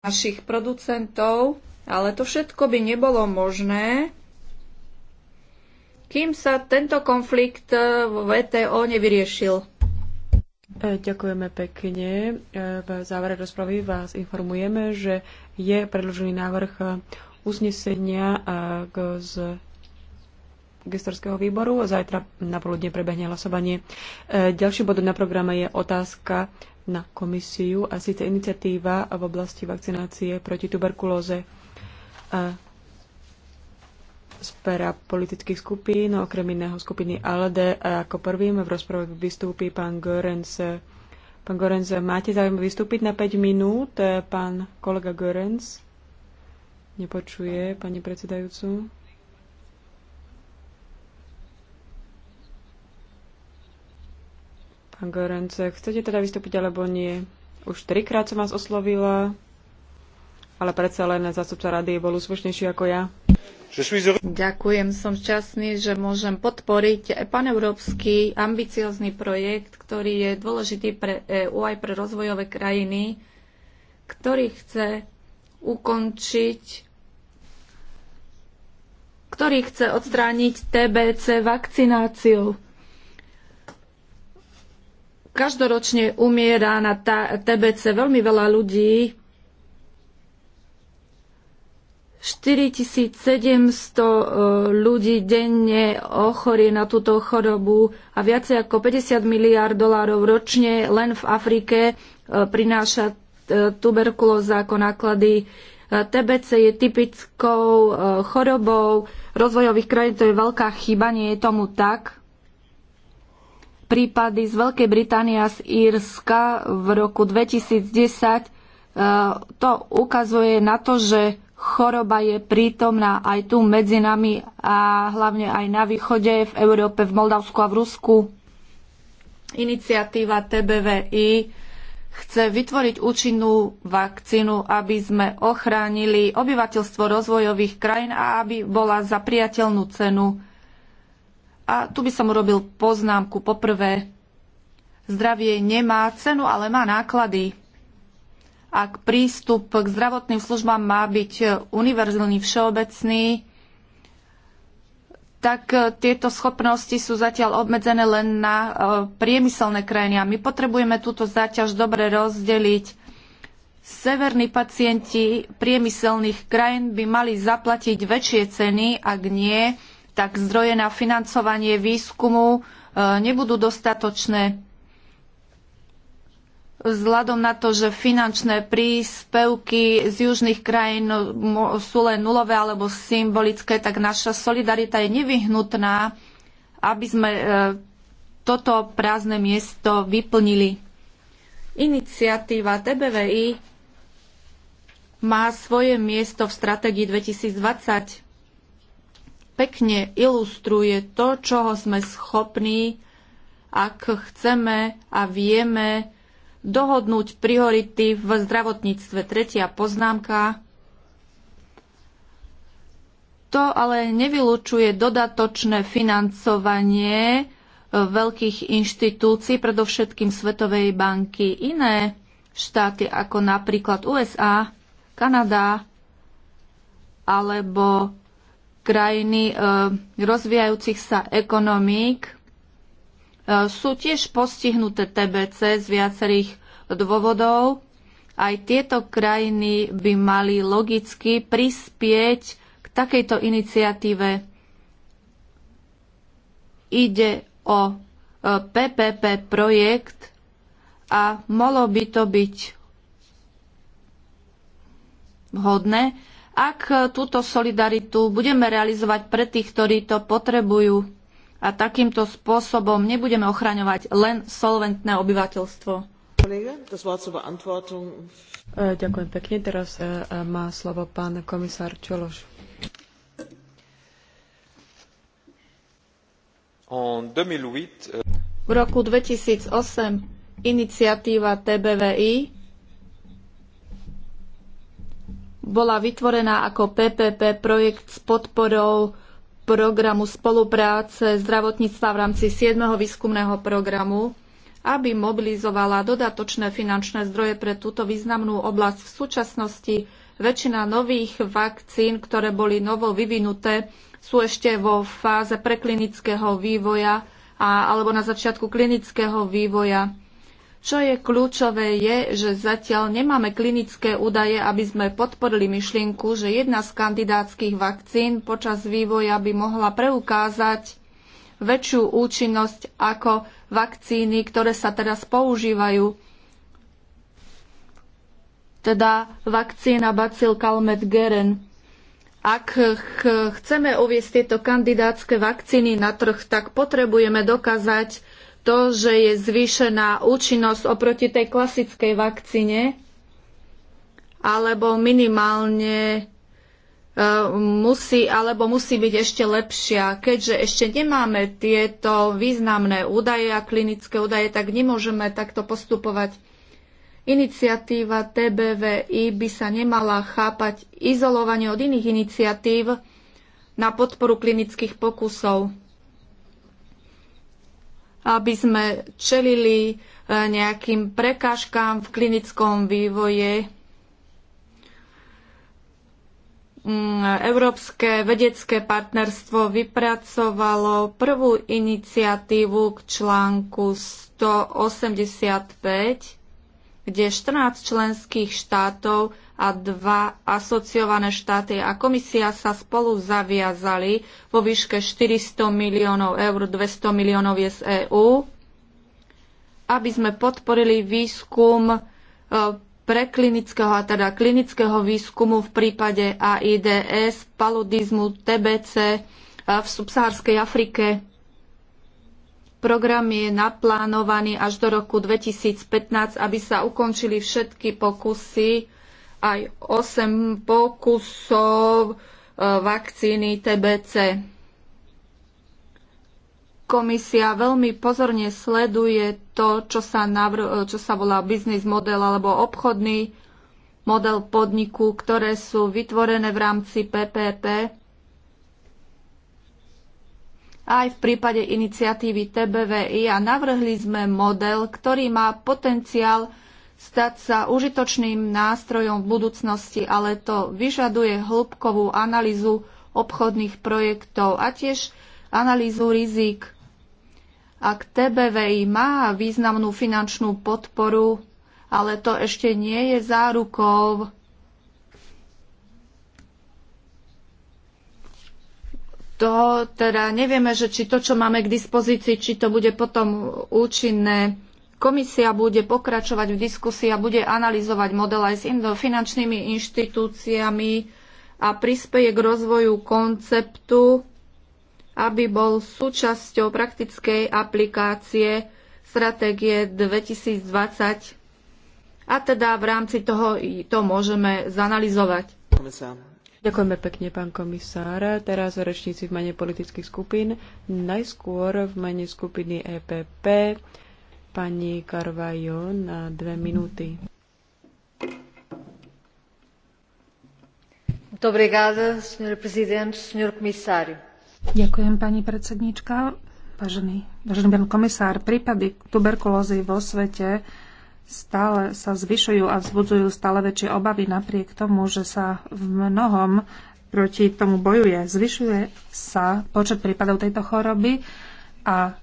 našich producentov, ale to všetko by nebolo možné, kým sa tento konflikt eh, v VTO nevyriešil. E, ďakujeme pekne. E, v závere rozpravy vás informujeme, že je predložený návrh eh, uznesenia eh, k z gestorského výboru. Zajtra na poludne prebehne hlasovanie. E, ďalší bod na programe je otázka na komisiu a síce iniciatíva v oblasti vakcinácie proti tuberkulóze z pera politických skupín, okrem iného skupiny ALDE. A ako prvým v rozprave vystúpi pán Görens. Pán Görens, máte záujem vystúpiť na 5 minút? Pán kolega Görens nepočuje pani predsedajúcu. Pán Gorence, chcete teda vystúpiť alebo nie? Už trikrát som vás oslovila, ale predsa len zástupca rady bol úspešnejší ako ja. Ďakujem, som šťastný, že môžem podporiť paneurópsky ambiciózny projekt, ktorý je dôležitý pre EU aj pre rozvojové krajiny, ktorý chce ukončiť ktorý chce odstrániť TBC vakcináciou. Každoročne umiera na TBC veľmi veľa ľudí. 4700 e, ľudí denne ochorie na túto chorobu a viacej ako 50 miliard dolárov ročne len v Afrike e, prináša e, tuberkulóza ako náklady. TBC je typickou chorobou rozvojových krajín, to je veľká chyba, nie je tomu tak prípady z Veľkej Británie a z Írska v roku 2010. E, to ukazuje na to, že choroba je prítomná aj tu medzi nami a hlavne aj na východe, v Európe, v Moldavsku a v Rusku. Iniciatíva TBVI chce vytvoriť účinnú vakcínu, aby sme ochránili obyvateľstvo rozvojových krajín a aby bola za priateľnú cenu a tu by som urobil poznámku. Poprvé, zdravie nemá cenu, ale má náklady. Ak prístup k zdravotným službám má byť univerzálny, všeobecný, tak e, tieto schopnosti sú zatiaľ obmedzené len na e, priemyselné krajiny a my potrebujeme túto záťaž dobre rozdeliť. Severní pacienti priemyselných krajín by mali zaplatiť väčšie ceny, ak nie, tak zdroje na financovanie výskumu e, nebudú dostatočné. Vzhľadom na to, že finančné príspevky z južných krajín no, sú len nulové alebo symbolické, tak naša solidarita je nevyhnutná, aby sme e, toto prázdne miesto vyplnili. Iniciatíva TBVI má svoje miesto v stratégii 2020 pekne ilustruje to, čoho sme schopní, ak chceme a vieme dohodnúť priority v zdravotníctve. Tretia poznámka. To ale nevylučuje dodatočné financovanie veľkých inštitúcií, predovšetkým Svetovej banky. Iné štáty ako napríklad USA, Kanada alebo krajiny e, rozvíjajúcich sa ekonomík e, sú tiež postihnuté TBC z viacerých dôvodov. Aj tieto krajiny by mali logicky prispieť k takejto iniciatíve. Ide o PPP e, projekt a mohlo by to byť vhodné, ak túto solidaritu budeme realizovať pre tých, ktorí to potrebujú a takýmto spôsobom nebudeme ochraňovať len solventné obyvateľstvo. E, ďakujem pekne. Teraz e, e, má slovo pán komisár Čološ. V roku 2008 iniciatíva TBVI bola vytvorená ako PPP projekt s podporou programu spolupráce zdravotníctva v rámci 7. výskumného programu, aby mobilizovala dodatočné finančné zdroje pre túto významnú oblasť. V súčasnosti väčšina nových vakcín, ktoré boli novo vyvinuté, sú ešte vo fáze preklinického vývoja a, alebo na začiatku klinického vývoja čo je kľúčové je, že zatiaľ nemáme klinické údaje, aby sme podporili myšlienku, že jedna z kandidátskych vakcín počas vývoja by mohla preukázať väčšiu účinnosť ako vakcíny, ktoré sa teraz používajú. Teda vakcína Bacil Calmet Geren. Ak chceme uviesť tieto kandidátske vakcíny na trh, tak potrebujeme dokázať, to, že je zvýšená účinnosť oproti tej klasickej vakcíne, alebo minimálne e, musí, alebo musí byť ešte lepšia. Keďže ešte nemáme tieto významné údaje a klinické údaje, tak nemôžeme takto postupovať. Iniciatíva TBVI by sa nemala chápať izolovanie od iných iniciatív na podporu klinických pokusov aby sme čelili e, nejakým prekážkám v klinickom vývoje. Mm, Európske vedecké partnerstvo vypracovalo prvú iniciatívu k článku 185, kde 14 členských štátov a dva asociované štáty a komisia sa spolu zaviazali vo výške 400 miliónov eur, 200 miliónov je z EÚ, aby sme podporili výskum e, preklinického a teda klinického výskumu v prípade AIDS, paludizmu, TBC e, v subsahárskej Afrike. Program je naplánovaný až do roku 2015, aby sa ukončili všetky pokusy aj 8 pokusov e, vakcíny TBC. Komisia veľmi pozorne sleduje to, čo sa, navr- e, čo sa volá biznis model alebo obchodný model podniku, ktoré sú vytvorené v rámci PPP aj v prípade iniciatívy TBVI a navrhli sme model, ktorý má potenciál stať sa užitočným nástrojom v budúcnosti, ale to vyžaduje hĺbkovú analýzu obchodných projektov a tiež analýzu rizik. Ak TBVI má významnú finančnú podporu, ale to ešte nie je zárukou to teda nevieme, že či to, čo máme k dispozícii, či to bude potom účinné. Komisia bude pokračovať v diskusii a bude analyzovať model aj s finančnými inštitúciami a prispieje k rozvoju konceptu, aby bol súčasťou praktickej aplikácie stratégie 2020. A teda v rámci toho to môžeme zanalizovať. Ďakujeme pekne, pán komisár. Teraz rečníci v mene politických skupín. Najskôr v mene skupiny EPP pani Carvajo na dve minúty. Ďakujem, pani predsednička. Vážený, vážený pán komisár, prípady tuberkulózy vo svete stále sa zvyšujú a vzbudzujú stále väčšie obavy napriek tomu, že sa v mnohom proti tomu bojuje. Zvyšuje sa počet prípadov tejto choroby a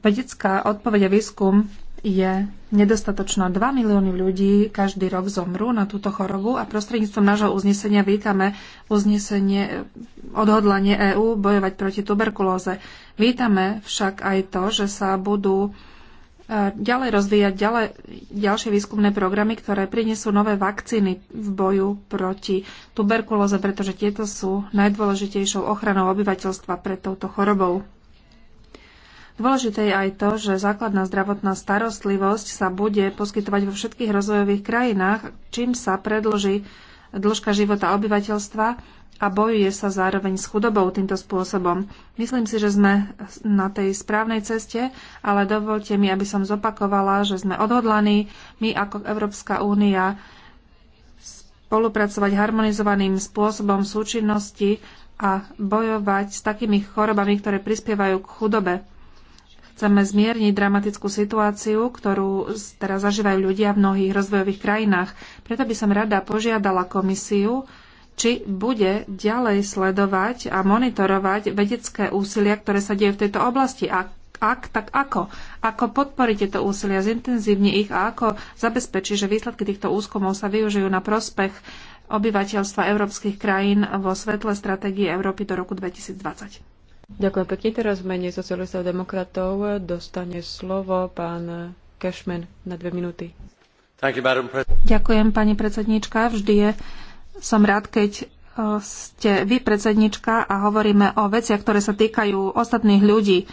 Vedecká odpoveď a výskum je nedostatočná. 2 milióny ľudí každý rok zomrú na túto chorobu a prostredníctvom nášho uznesenia vítame uznesenie, odhodlanie EÚ bojovať proti tuberkulóze. Vítame však aj to, že sa budú e, ďalej rozvíjať ďalej, ďalšie výskumné programy, ktoré prinesú nové vakcíny v boju proti tuberkulóze, pretože tieto sú najdôležitejšou ochranou obyvateľstva pred touto chorobou. Dôležité je aj to, že základná zdravotná starostlivosť sa bude poskytovať vo všetkých rozvojových krajinách, čím sa predlží dĺžka života obyvateľstva a bojuje sa zároveň s chudobou týmto spôsobom. Myslím si, že sme na tej správnej ceste, ale dovolte mi, aby som zopakovala, že sme odhodlaní, my ako Európska únia, spolupracovať harmonizovaným spôsobom súčinnosti a bojovať s takými chorobami, ktoré prispievajú k chudobe. Chceme zmierniť dramatickú situáciu, ktorú teraz zažívajú ľudia v mnohých rozvojových krajinách. Preto by som rada požiadala komisiu, či bude ďalej sledovať a monitorovať vedecké úsilia, ktoré sa deje v tejto oblasti. A ak, tak ako? Ako podporiť tieto úsilia, zintenzívni ich a ako zabezpečiť, že výsledky týchto úskumov sa využijú na prospech obyvateľstva európskych krajín vo svetle stratégie Európy do roku 2020? Ďakujem pekne. Teraz v mene socialistov demokratov dostane slovo pán Cashman na dve minúty. You, Ďakujem, pani predsednička. Vždy je, som rád, keď eh, ste vy predsednička a hovoríme o veciach, ktoré sa týkajú ostatných ľudí.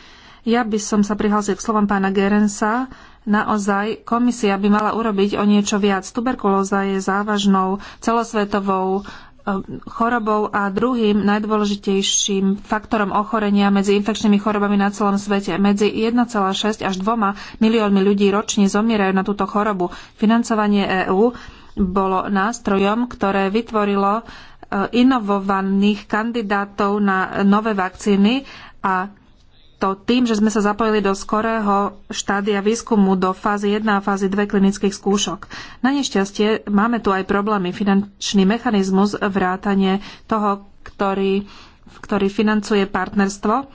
Ja by som sa prihlásil k slovom pána Gerensa. Naozaj, komisia by mala urobiť o niečo viac. Tuberkulóza je závažnou celosvetovou chorobou a druhým najdôležitejším faktorom ochorenia medzi infekčnými chorobami na celom svete. Medzi 1,6 až 2 miliónmi ľudí ročne zomierajú na túto chorobu. Financovanie EÚ bolo nástrojom, ktoré vytvorilo e, inovovaných kandidátov na nové vakcíny a to tým, že sme sa zapojili do skorého štádia výskumu do fázy 1 a fázy 2 klinických skúšok. Na nešťastie máme tu aj problémy. Finančný mechanizmus vrátanie toho, ktorý, ktorý financuje partnerstvo,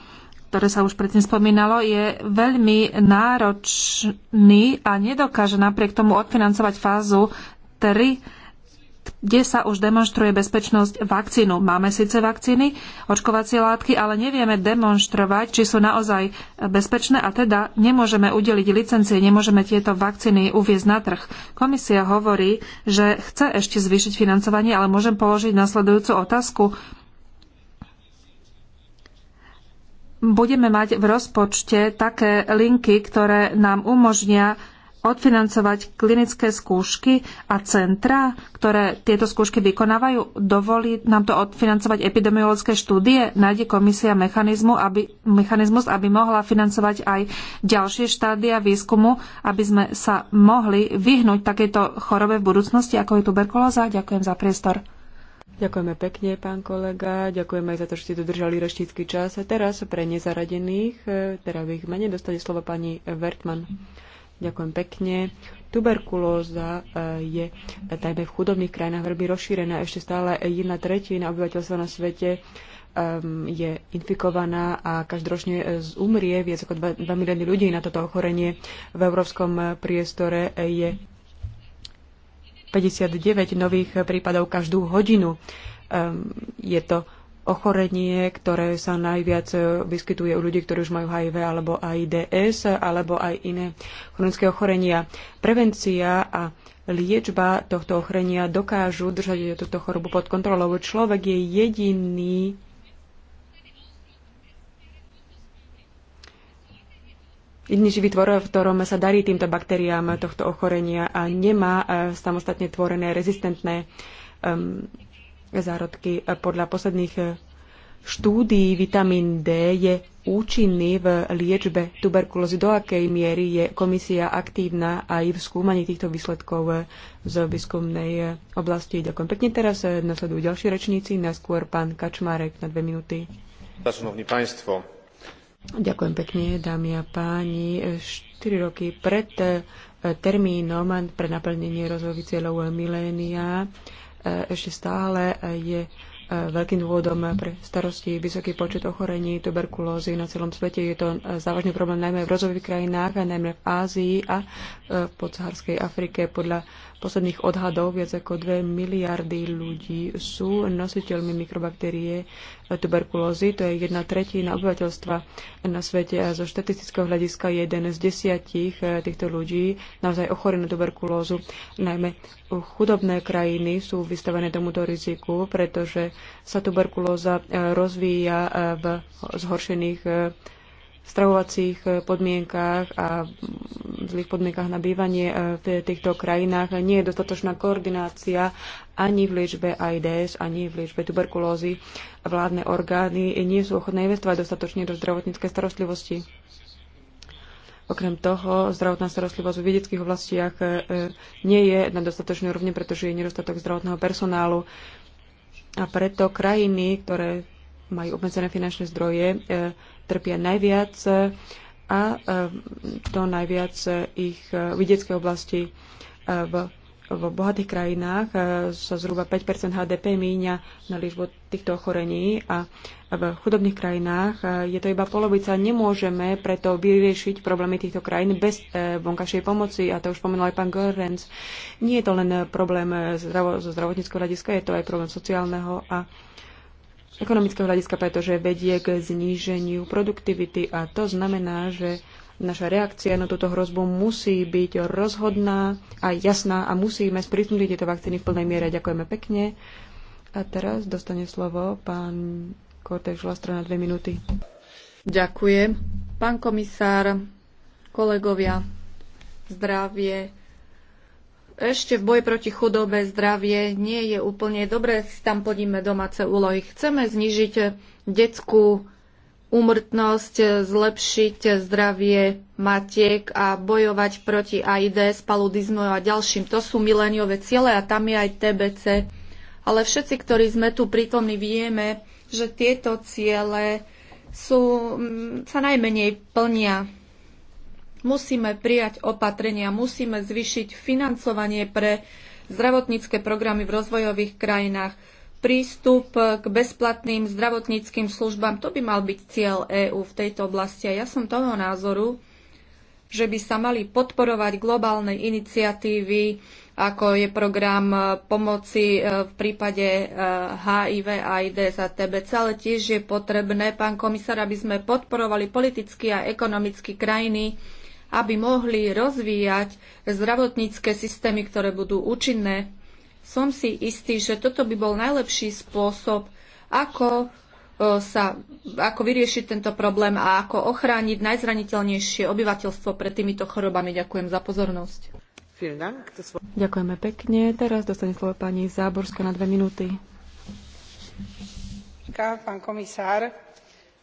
ktoré sa už predtým spomínalo, je veľmi náročný a nedokáže napriek tomu odfinancovať fázu 3 kde sa už demonstruje bezpečnosť vakcínu. Máme síce vakcíny, očkovacie látky, ale nevieme demonstrovať, či sú naozaj bezpečné a teda nemôžeme udeliť licencie, nemôžeme tieto vakcíny uviezť na trh. Komisia hovorí, že chce ešte zvýšiť financovanie, ale môžem položiť nasledujúcu otázku. Budeme mať v rozpočte také linky, ktoré nám umožnia odfinancovať klinické skúšky a centra, ktoré tieto skúšky vykonávajú? Dovolí nám to odfinancovať epidemiologické štúdie? Nájde komisia mechanizmu, aby, mechanizmus, aby mohla financovať aj ďalšie štádia výskumu, aby sme sa mohli vyhnúť takejto chorobe v budúcnosti, ako je tuberkulóza? Ďakujem za priestor. Ďakujeme pekne, pán kolega. Ďakujeme aj za to, že ste dodržali reštický čas. A teraz pre nezaradených, eh, teraz by ich mene, dostali slovo pani Vertman. Ďakujem pekne. Tuberkulóza eh, je tajme eh, v chudobných krajinách veľmi rozšírená. Ešte stále jedna tretina obyvateľstva na svete ehm, je infikovaná a každoročne eh, umrie viac ako 2 milióny ľudí na toto ochorenie. V európskom priestore je 59 nových prípadov každú hodinu. Ehm, je to ochorenie, ktoré sa najviac e, vyskytuje u ľudí, ktorí už majú HIV alebo AIDS alebo aj iné chronické ochorenia. Prevencia a liečba tohto ochorenia dokážu držať túto chorobu pod kontrolou. Človek je jediný jediný živý tvor, v ktorom sa darí týmto baktériám tohto ochorenia a nemá e, samostatne tvorené rezistentné um, zárodky. Podľa posledných eh, štúdií vitamín D je účinný v liečbe tuberkulózy. Do akej miery je komisia aktívna aj v skúmaní týchto výsledkov eh, z výskumnej eh, oblasti? Ďakujem pekne. Teraz nasledujú ďalší rečníci, najskôr pán Kačmarek na dve minúty. Ďakujem pekne, dámy a páni. 4 roky pred termínom pre naplnenie rozvojových cieľov milénia ešte stále je e, veľkým dôvodom pre starosti vysoký počet ochorení tuberkulózy na celom svete. Je to e, závažný problém najmä v rozvojových krajinách a najmä v Ázii a v e, podsaharskej Afrike. Podľa posledných odhadov viac ako 2 miliardy ľudí sú nositeľmi mikrobakterie tuberkulózy. To je jedna tretina obyvateľstva na svete a zo štatistického hľadiska jeden z desiatich eh, týchto ľudí naozaj ochorí na tuberkulózu. Najmä chudobné krajiny sú vystavené tomuto riziku, pretože sa tuberkulóza eh, rozvíja eh, v zhoršených stravovacích eh, podmienkách a zlých podmienkách na bývanie eh, v týchto krajinách nie je dostatočná koordinácia ani v liečbe AIDS, ani v liečbe tuberkulózy. Vládne orgány nie sú ochotné investovať dostatočne do zdravotníckej starostlivosti. Okrem toho, zdravotná starostlivosť v vedeckých oblastiach eh, nie je na dostatočnej úrovni, pretože je nedostatok zdravotného personálu. A preto krajiny, ktoré majú obmedzené finančné zdroje, trpia najviac e, a e, to najviac ich e, vidiecké oblasti v v bohatých krajinách sa zhruba 5 HDP míňa na liečbu týchto ochorení a v chudobných krajinách je to iba polovica. Nemôžeme preto vyriešiť problémy týchto krajín bez vonkajšej pomoci a to už spomenul aj pán Gorenc. Nie je to len problém zo zdravotníckého hľadiska, je to aj problém sociálneho a ekonomického hľadiska, pretože vedie k zníženiu produktivity a to znamená, že naša reakcia na túto hrozbu musí byť rozhodná a jasná a musíme sprísnuť tieto vakcíny v plnej miere. Ďakujeme pekne. A teraz dostane slovo pán Kortež Lastra na dve minúty. Ďakujem. Pán komisár, kolegovia, zdravie ešte v boji proti chudobe, zdravie nie je úplne dobre, tam plníme domáce úlohy. Chceme znižiť detskú úmrtnosť, zlepšiť zdravie matiek a bojovať proti AIDS, paludizmu a ďalším. To sú mileniové ciele a tam je aj TBC. Ale všetci, ktorí sme tu prítomní, vieme, že tieto ciele sú, mm, sa najmenej plnia Musíme prijať opatrenia, musíme zvyšiť financovanie pre zdravotnícke programy v rozvojových krajinách, prístup k bezplatným zdravotníckým službám. To by mal byť cieľ EÚ v tejto oblasti. A ja som toho názoru, že by sa mali podporovať globálne iniciatívy, ako je program e, pomoci e, v prípade e, HIV, AIDS a TBC, ale tiež je potrebné, pán komisár, aby sme podporovali politicky a ekonomicky krajiny, aby mohli rozvíjať zdravotnícke systémy, ktoré budú účinné. Som si istý, že toto by bol najlepší spôsob, ako e, sa, ako vyriešiť tento problém a ako ochrániť najzraniteľnejšie obyvateľstvo pred týmito chorobami. Ďakujem za pozornosť. Ďakujeme pekne. Teraz dostane slovo pani Záborská na dve minúty. Pán komisár,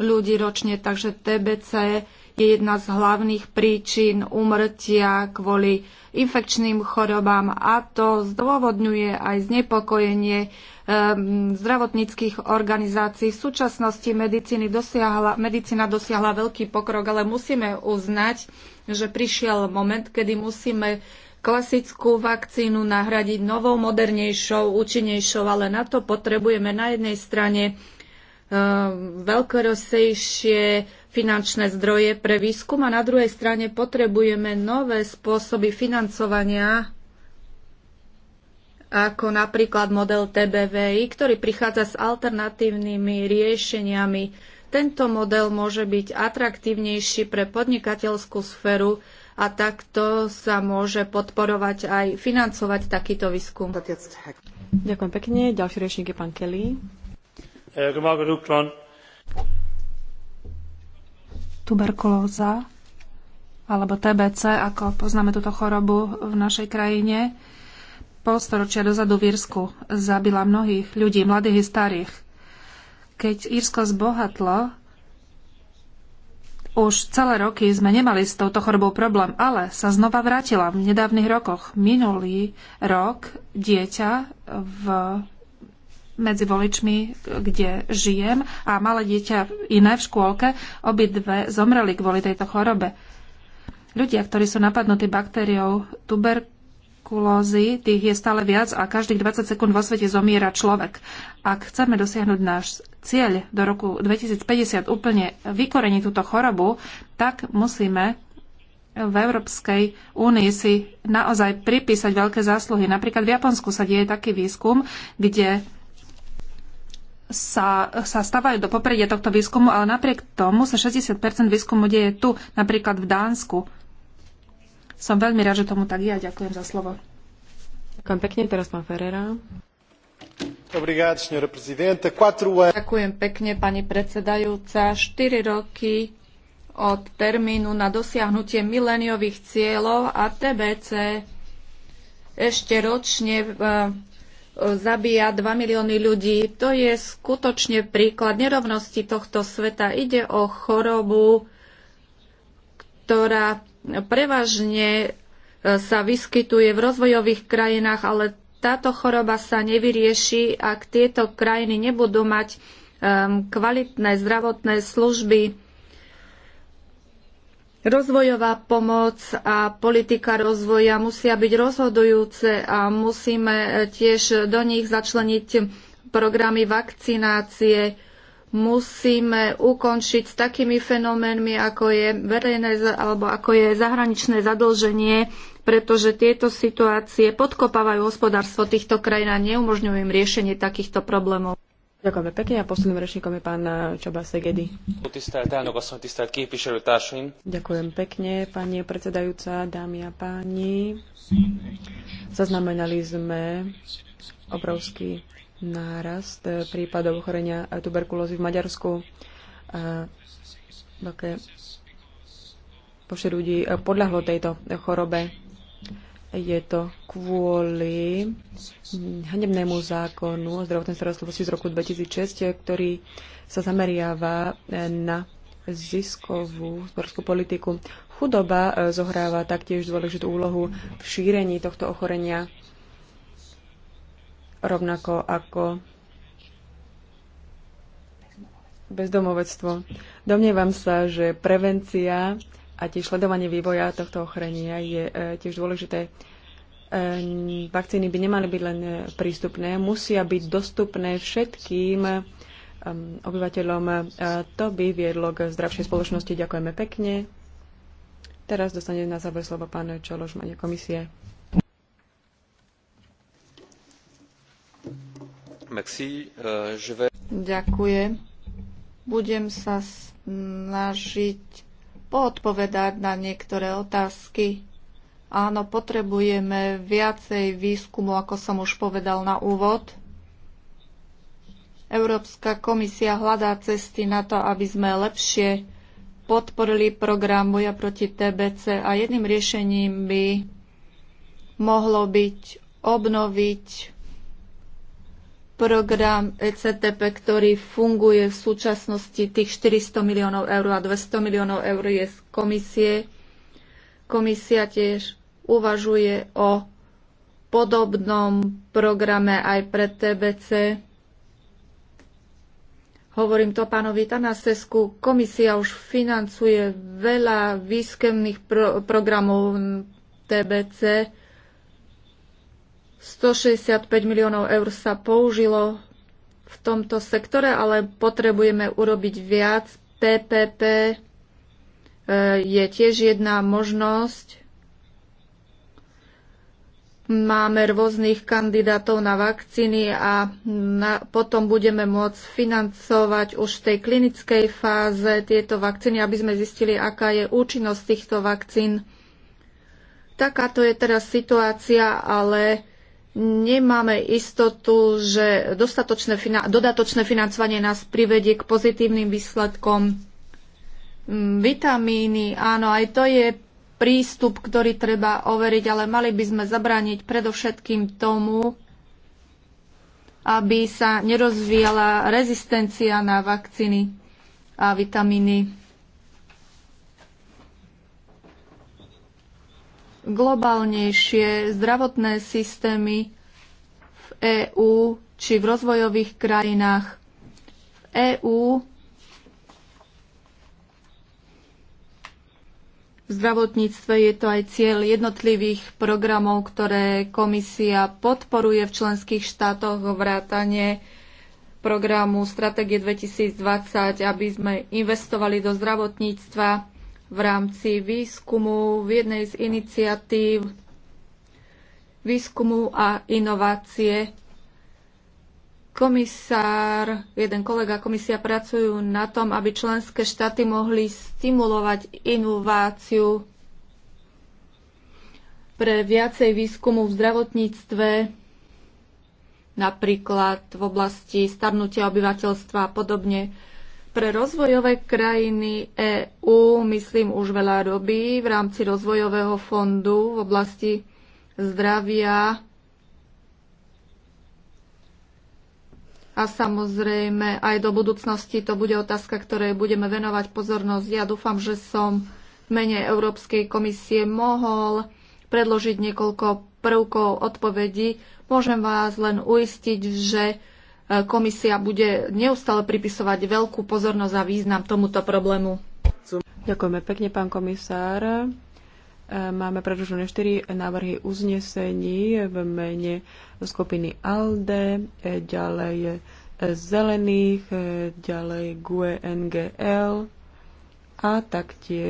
ľudí ročne, takže TBC je jedna z hlavných príčin umrtia kvôli infekčným chorobám a to zdôvodňuje aj znepokojenie ehm, zdravotníckých organizácií. V súčasnosti medicíny dosiahla, medicína dosiahla veľký pokrok, ale musíme uznať, že prišiel moment, kedy musíme klasickú vakcínu nahradiť novou, modernejšou, účinnejšou, ale na to potrebujeme na jednej strane Ehm, veľkorosejšie finančné zdroje pre výskum a na druhej strane potrebujeme nové spôsoby financovania ako napríklad model TBVI, ktorý prichádza s alternatívnymi riešeniami. Tento model môže byť atraktívnejší pre podnikateľskú sféru a takto sa môže podporovať aj financovať takýto výskum. Ďakujem pekne. Ďalší riešnik je pán Kelly. Eh, Tuberkulóza alebo TBC, ako poznáme túto chorobu v našej krajine, pol storočia dozadu v Írsku zabila mnohých ľudí, mladých i starých. Keď Írsko zbohatlo, už celé roky sme nemali s touto chorobou problém, ale sa znova vrátila v nedávnych rokoch. Minulý rok dieťa v medzi voličmi, kde žijem a malé dieťa iné v škôlke, obidve zomreli kvôli tejto chorobe. Ľudia, ktorí sú napadnutí baktériou tuberkulózy, tých je stále viac a každých 20 sekúnd vo svete zomiera človek. Ak chceme dosiahnuť náš cieľ do roku 2050 úplne vykoreniť túto chorobu, tak musíme v Európskej únii si naozaj pripísať veľké zásluhy. Napríklad v Japonsku sa deje taký výskum, kde sa, sa stávajú do popredia tohto výskumu, ale napriek tomu sa 60 výskumu deje tu, napríklad v Dánsku. Som veľmi rád, že tomu tak je a ďakujem za slovo. Ďakujem pekne, teraz pán Ferrera. Ďakujem pekne, pani predsedajúca. 4 roky od termínu na dosiahnutie mileniových cieľov a TBC ešte ročne e, zabíja 2 milióny ľudí. To je skutočne príklad nerovnosti tohto sveta. Ide o chorobu, ktorá prevažne e, sa vyskytuje v rozvojových krajinách, ale táto choroba sa nevyrieši, ak tieto krajiny nebudú mať um, kvalitné zdravotné služby. Rozvojová pomoc a politika rozvoja musia byť rozhodujúce a musíme tiež do nich začleniť programy vakcinácie. Musíme ukončiť s takými fenoménmi, ako je verejné alebo ako je zahraničné zadlženie, pretože tieto situácie podkopávajú hospodárstvo týchto krajín a neumožňujú im riešenie takýchto problémov. Ďakujeme pekne a posledným rečníkom je pán eh, Čaba Segedy. Ďakujem pekne, pani predsedajúca, dámy a páni. Zaznamenali sme obrovský nárast eh, prípadov ochorenia eh, tuberkulózy v Maďarsku. Také počet ľudí podľahlo tejto chorobe. Je to kvôli hnebnému zákonu o zdravotnej starostlivosti z roku 2006, ktorý sa zameriava na ziskovú sporskú politiku. Chudoba e, zohráva taktiež dôležitú úlohu v šírení tohto ochorenia, rovnako ako bezdomovectvo. Domnievam sa, že prevencia a tiež sledovanie vývoja tohto ochorenia je e, tiež dôležité. E, vakcíny by nemali byť len prístupné, musia byť dostupné všetkým e, obyvateľom. To by viedlo k zdravšej spoločnosti. Ďakujeme pekne. Teraz dostane na záver slovo pán Čološ, mania komisie. Merci. Ďakujem. Budem sa snažiť poodpovedať na niektoré otázky. Áno, potrebujeme viacej výskumu, ako som už povedal na úvod. Európska komisia hľadá cesty na to, aby sme lepšie podporili program boja proti TBC a jedným riešením by mohlo byť obnoviť program ECTP, ktorý funguje v súčasnosti, tých 400 miliónov eur a 200 miliónov eur je z komisie. Komisia tiež uvažuje o podobnom programe aj pre TBC. Hovorím to pánovi Tanasesku. Komisia už financuje veľa výskumných pro- programov TBC 165 miliónov eur sa použilo v tomto sektore, ale potrebujeme urobiť viac. PPP e, je tiež jedna možnosť. Máme rôznych kandidátov na vakcíny a na, potom budeme môcť financovať už v tej klinickej fáze tieto vakcíny, aby sme zistili, aká je účinnosť týchto vakcín. Takáto je teraz situácia, ale nemáme istotu, že dostatočné dodatočné financovanie nás privedie k pozitívnym výsledkom. Mm, vitamíny, áno, aj to je prístup, ktorý treba overiť, ale mali by sme zabrániť predovšetkým tomu, aby sa nerozvíjala rezistencia na vakcíny a vitamíny. globálnejšie zdravotné systémy v EÚ či v rozvojových krajinách. V EÚ V zdravotníctve je to aj cieľ jednotlivých programov, ktoré komisia podporuje v členských štátoch vrátanie programu Stratégie 2020, aby sme investovali do zdravotníctva v rámci výskumu v jednej z iniciatív výskumu a inovácie. Komisár, jeden kolega komisia pracujú na tom, aby členské štáty mohli stimulovať inováciu pre viacej výskumu v zdravotníctve, napríklad v oblasti starnutia obyvateľstva a podobne. Pre rozvojové krajiny EÚ, myslím, už veľa robí v rámci rozvojového fondu v oblasti zdravia a samozrejme aj do budúcnosti to bude otázka, ktorej budeme venovať pozornosť. Ja dúfam, že som v mene Európskej komisie mohol predložiť niekoľko prvkov odpovedí. Môžem vás len uistiť, že komisia bude neustále pripisovať veľkú pozornosť a význam tomuto problému. Ďakujeme pekne, pán komisár. E, máme predložené štyri návrhy uznesení v mene skupiny ALDE, e, ďalej Zelených, e, ďalej GUE NGL a taktiež